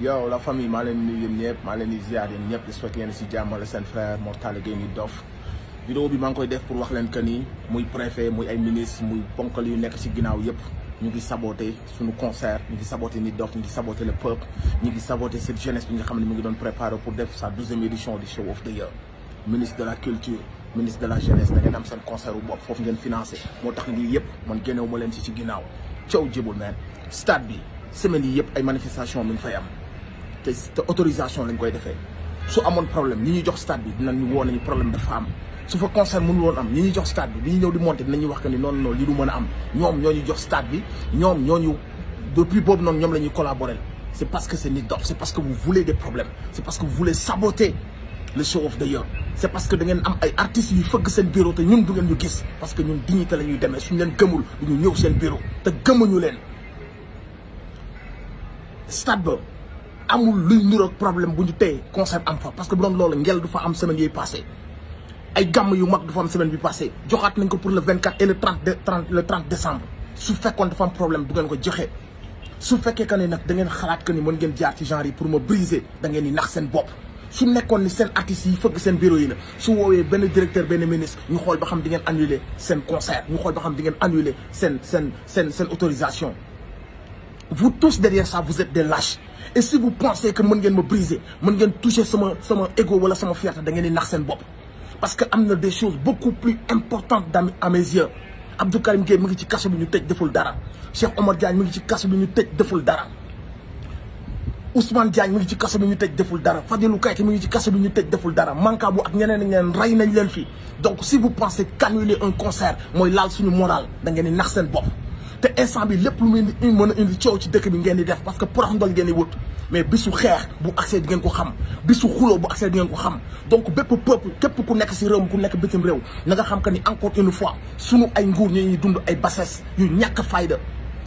yow la famille maa leen nuyu yéen ñëpp maa leen di ziar yéen ñëpp j'espère seen frère Mor Talla Gueye dof vidéo bi maa ngi koy def pour wax leen que ni muy préfet muy ay ministre muy ponkal yu nekk si ginnaaw yëpp ñu ngi saboté suñu concert ñu ngi saboté ni dof ñu ngi saboté le ñu ngi saboté cette jeunesse bi nga xam ne mu ngi doon préparé pour def sa douzième édition du show of the year ministre de la culture ministre de la jeunesse da ngeen am seen concert moo tax lii yëpp man génnewu ma leen si ci ginnaaw coow jibul neen stade bi semaine yi yëpp ay manifestation mi ngi fay am te te autorisation lañ koy defee su amoon problème ñi ñuy jox stade bi dinañu woo nañu problème dafa am su fa concert mënul woon am ñi ñuy jox stade bi bi ñu ñëw di monter dinañu wax que ni noonu noonu li du a am ñoom ñoo ñu jox stade bi ñoom ñoo ñu depuis boobu noonu ñoom la ñuy c'est parce que c'est nit dof c'est parce que vous voulez des problèmes c'est parce que vous voulez saboter le show off d'ailleurs c'est parce que da ngeen am ay artistes yu fëgg seen bureau te ñun du ngeen ñu gis parce que ñun dignité la ñuy demee suñu ñu leen stade amul luy niroog problème bu ñu tey concert am fa parce que bu doon loolu ngel du fa am semaine yooyu passé ay gàmm yu mag du fa am semaine bi passé joxaat nañ ko pour le 24 et le 30 de 30 le 30 décembre su fekkoon dafa am problème du ngeen ko joxe su fekkee que ne nag da ngeen xalaat que ni mën ngeen jaar ci genre yi pour ma briser da ngeen di nax seen bopp. su nekkoon ni seen artistes yi fëgg seen bureau yi la su woowee benn directeur benn ministre ñu xool ba xam di ngeen annuler seen concert ñu xool ba xam di seen seen seen seen autorisation vous tous derrière ça vous êtes des et si vous pensez que mën ngeen ma briser mën ngeen toucher sama sama ego wala sama fierté da ngeen di nax seen bopp parce que am na des choses beaucoup plus importantes dans à mes yeux Abdou Karim Gueye mu ngi ci kaso bi ñu tëj deful dara Cheikh Omar Diagne mu ngi ci kaso bi ñu tëj deful dara Ousmane Diagne mu ngi ci kaso bi ñu tëj deful dara Fadilou Keïta mu ngi ci kaso bi ñu tëj deful dara Mankabou ak ñeneen ak ñeneen rey nañ leen fii donc si vous pensez qu'annuler un concert mooy laal suñu moral da ngeen di nax seen bopp te instant bi lépp lu muy mën a indi coow ci dëkk bi ngeen di def parce que porox ndol ngeen di wut mais bisu xeex bu accès di ngeen ko xam bisu xuloo bu accès di ko xam donc bépp peuple képp ku nekk si réew ku nekk bitim réew na nga xam que ni encore une fois sunu ay nguur ñi ñuy dund ay bassesse ñu ñàkk fayda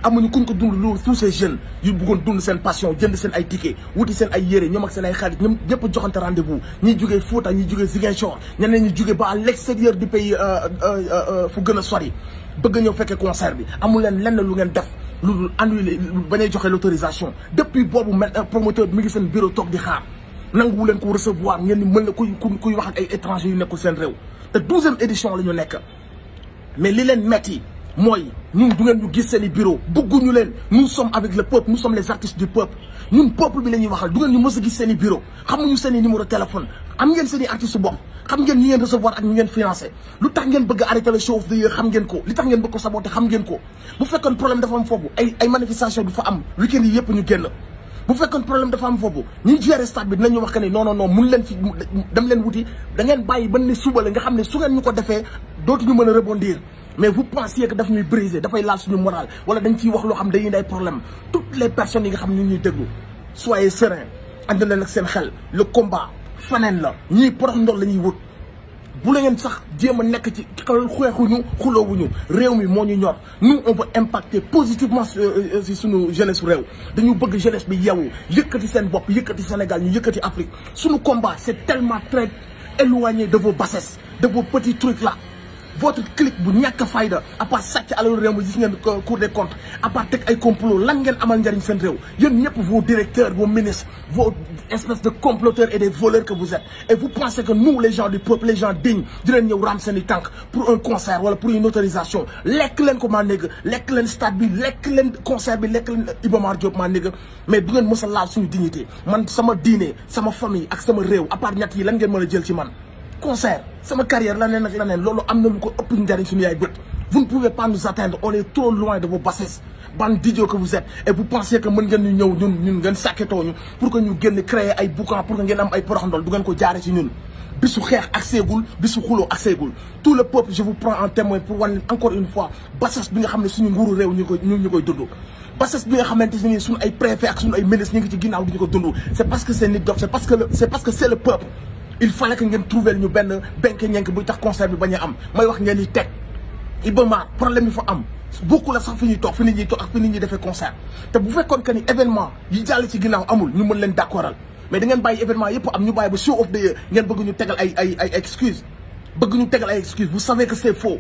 amuñu kuñ ko dund loolu su ces jeunes yu buggoon dund seen passion jënd seen ay ticket wuti seen ay yére ñoom ak seen ay xarit ñoom ñëpp joxante rendez-vous ñi jugee Fouta ñi jugee Ziguinchor ñeneen ñi jugee ba à di du pays euh, euh, euh, fu gën a sori bëgg ñëw fekkee concert bi amul leen lenn lu ngeen def lu dul annulé bañay joxe l'autorisation depuis boobu mel euh, promoteur mi ngi seen bureau toog di xaar nanguwu leen ko recevoir ngeen ni mën na kuy kuy wax ak ay étrangers yu nekkul seen rew te douzième édition la ñu mais li leen metti mooy ñun du ngeen ñu gis seen i bureau bëgguñu leen nous sommes avec le peuple nous sommes les artistes du peuple ñun peuple bi la ñuy waxal du ngeen ñu mës a gis seen i bureau seen i numéro téléphone am ngeen seen i artiste bopp xam ngeen ñi ngeen recevoir ak ñi ngeen financé lu tax ngeen bëgg a arrêté le show of the year xam ngeen ko li tax ngeen bëgg ko saboté xam ngeen ko bu fekkoon problème dafa am foofu ay ay manifestation du fa am weekend yi yëpp ñu génn bu fekkoon wax que ni non non mun leen fi dem leen wuti da ngeen bàyyi ba ne suba la nga xam ne su ngeen ñu ko defee dootuñu mën a rebondir mais vous pensez que daf ñuy briser dafay laal suñu moral wala dañ ciy wax loo xam dañuy day problème toutes les personnes yi nga xam ne ñuy déglu soyez serein ànd leen seen xel le combat faneen la ñii porox ndol la ñuy wut bu la ngeen sax jéem a nekk ci xel ñu xuloowuñu réew mi moo ñu ñor nous on veut impacter positivement euh, euh, si suñu jeunesse réew dañu bëgg jeunesse bi yeewu yëkkati seen bopp yëkkati Sénégal ñu yëkkati Afrique suñu combat c'est tellement très éloigné de vos bassesses de vos petits trucs la votre clique bu ñàkk fayda à part sàcc alalu réew mi gis ngeen cour des comptes à part teg ay complot lan ngeen amal njariñ seen réew yéen ñëpp vos directeurs vos ministres vos espèces de comploteurs et des voleurs que vous êtes et vous pensez que nous les gens du peuple les gens dignes dinañ ñëw raam seen i pour un concert wala pour une autorisation lekk leen ko maa négg lekk leen stade bi lekk leen concert bi lekk leen Iba Mar maa négg mais bu ngeen mos a laal suñu man sama diine sama famille ak sama réew à yi lan ngeen mën a jël ci man concert sama carrière la neen loolu am na lu ko ëpp njariñ suñu yaay bët vous pas nous atteindre on est trop loin de vos ban didio que vous êtes et vous pensez que mën ngeen ñëw ñun ñun ngeen sàkketoo ñu pour que ñu génn créer ay boucan pour que ngeen am ay poroxndol du ngeen ko jaare ci ñun bisu xeex ak seegul bisu xuloo ak seegul tout le peuple je vous prends en témoin pour wan encore une fois bassesse xam ne suñu nguuru réew ñu koy ñu koy il fallait que ngeen trouver ñu benn benk ñenk buy tax concert bi bañ am may wax ngeen di teg Iba Mar problème yi fa am bokku la sax fi ñuy toog fi nit ñuy toog ak fi nit ñuy defee concert te bu fekkoon que ni événement yi jàll ci ginnaaw amul ñu mën leen d'accordal mais da ngeen bàyyi événement yëpp am ñu bàyyi ba show of the year ngeen bëgg ñu tegal ay ay ay excuse bëgg ñu tegal ay excuse vous savez que c'est faux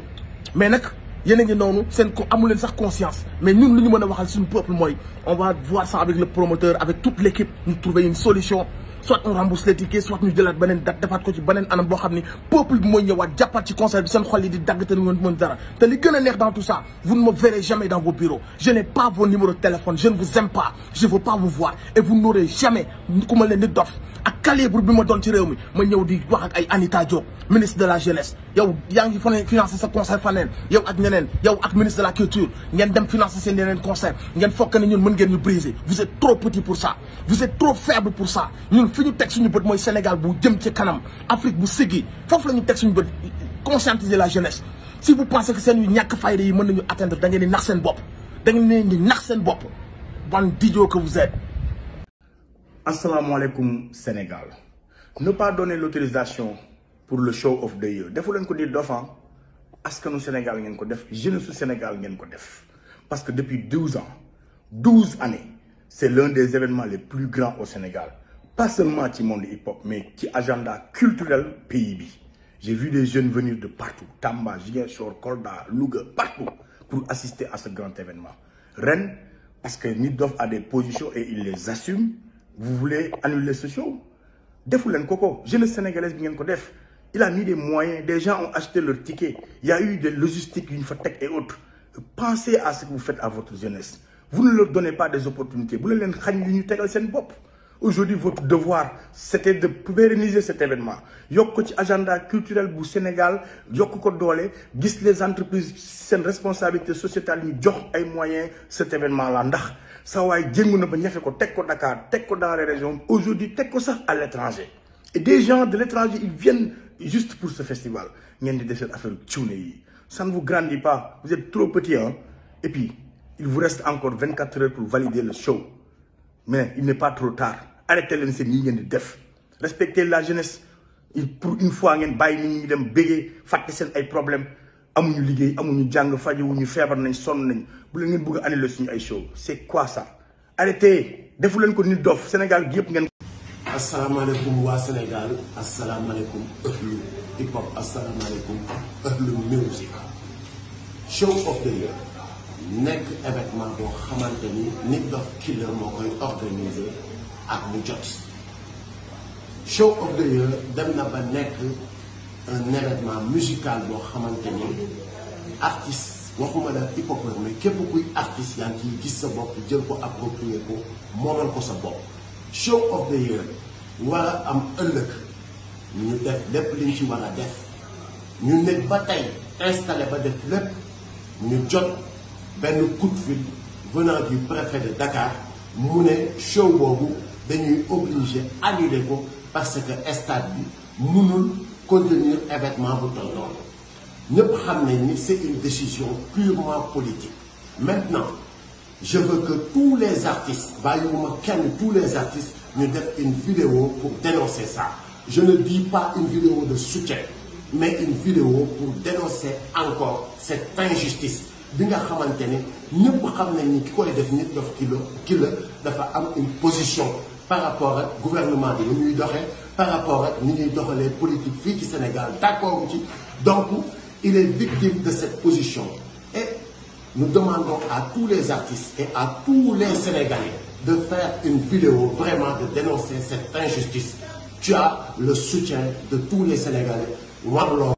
mais nag yéen a ngi noonu seen ko amu sax conscience mais ñun lu ñu mën a waxal suñu peuple mooy on va voir ça avec le promoteur avec toute soit on rembourse les tickets soit ñu jëlaat beneen date defaat ko ci beneen anam boo xam ni peuple bi mooy ñëwaat jàppaat ci concert bi seen xol yi di dagg te ñu mën a neex dans tout ça vous ne verrez jamais dans vos bureaux je n'ai pas vos numéros de téléphone je ne vous aime pas je veux pas vous voir et vous n'aurez jamais ku ma leen di dof calibre bi ma doon ci réew mi ma ñëw di wax ay Anita Diop ministre de la jeunesse yow yaa ngi fan financé sa concert faneen yow ak ñeneen yow ak ministre de la culture ngeen dem financé seen yeneen concert ngeen fokk ne ñun mën ngeen ñu briser vous trop petit pour ça vous trop faible pour ça ñun fi ñu teg suñu bët mooy Sénégal bu jëm ci kanam Afrique bu siggi foofu la ñu teg suñu bët conscientiser la jeunesse si vous pensez que seen yu ñàkk fayda yi mën nañu atteindre da ngeen di nax seen bopp da nax seen bopp ban dijo que vous asalaamaaleykum Sénégal ne pas donner l'autorisation pour le show off de yeux defu leen ko di dofan askanu Sénégal ngeen ko def jeunesse su Sénégal ngeen ko def parce que depuis douze ans douze années c'est l'un des événements les plus grands au Sénégal pas seulement ci monde hip-hop mais ci agenda culturel pays bi j'ai vu des jeunes venir de partout Tamba Ziguinchor Kolda Louga partout pour assister à ce grand événement ren parce que nit dof a des positions et il les vous voulez annuler ce show defu leen ko ko jeunesse sénégalaise bi ngeen ko def il a mis des moyens des gens ont acheté leur ticket il y a eu des logistiques yu ñu fa teg et autres pensez à ce que vous faites à votre jeunesse vous ne leur donnez pas des opportunités bu leen leen xañ yu ñu tegal seen bopp aujourd'hui votre devoir c'était de pérenniser cet événement yokk ci agenda culturel bu Sénégal yokk ko doole gis les entreprises seen responsabilité sociétale ñu jox ay moyens cet événement là ndax sa waay jéngu na ba ñafe ko teg ko Dakar teg ko dans les régions aujourd'hui teg ko sax à l'étranger et des gens de l'étranger ils viennent juste pour ce festival ngeen di def affaire cuune yi ça ne vous grandit pas vous êtes trop petit hein et encore 24 heures pour valider le show mais il n'est arrêté leen seen yi ngeen di def respecter la jeunesse pour une fois ngeen bàyyi nit ñi dem bégee fàtte seen ay problème amuñu liggéey amuñu jàng fajowuñu feebar nañ sonn nañ bu leen ngeen bëgg a annuler suñu ay show c'est quoi ça arrêté defu leen ko nit dof Sénégal gi yëpp ngeen asalaamaaleykum waa Sénégal asalaamaaleykum ëhlu hip hop asalaamaaleykum ëhlu music show of the year nekk événement boo ni nit dof ak mu jot show of the year dem na ba nekk un événement boo xamante ni artiste waxuma la hip hop mais képp kuy artiste yaa ngi gis sa bopp jël ko approprier ko moomal ko sa bopp show of the year war a am ëllëg ñu def lépp liñ ci war def ñu nekk ba tey installé ba def lépp ñu jot benn coup de fil venant du préfet mu ne show boobu dañuy obligé annulé ko parce que stade bi mënul contenir événement bu toll noonu ñépp xam nañ ni c'est une décision purement politique maintenant je veux que tous les artistes bàyyiwuma kenn tous les artistes ñu def une vidéo pour dénoncer ça je ne dis pas une vidéo de soutien mais une vidéo pour dénoncer encore cette injustice bi nga xamante ne ñépp xam nañ ni ki koy def nit daf ki la dafa am une position par rapport ak gouvernement bi ni ñuy doxee par rapport ak ni ñuy doxalee politique fii ci Sénégal d'accord ci donc il est victime de cette position et nous demandons à tous les artistes et à tous les Sénégalais de faire une vidéo vraiment de dénoncer cette injustice tu as le soutien de tous les Sénégalais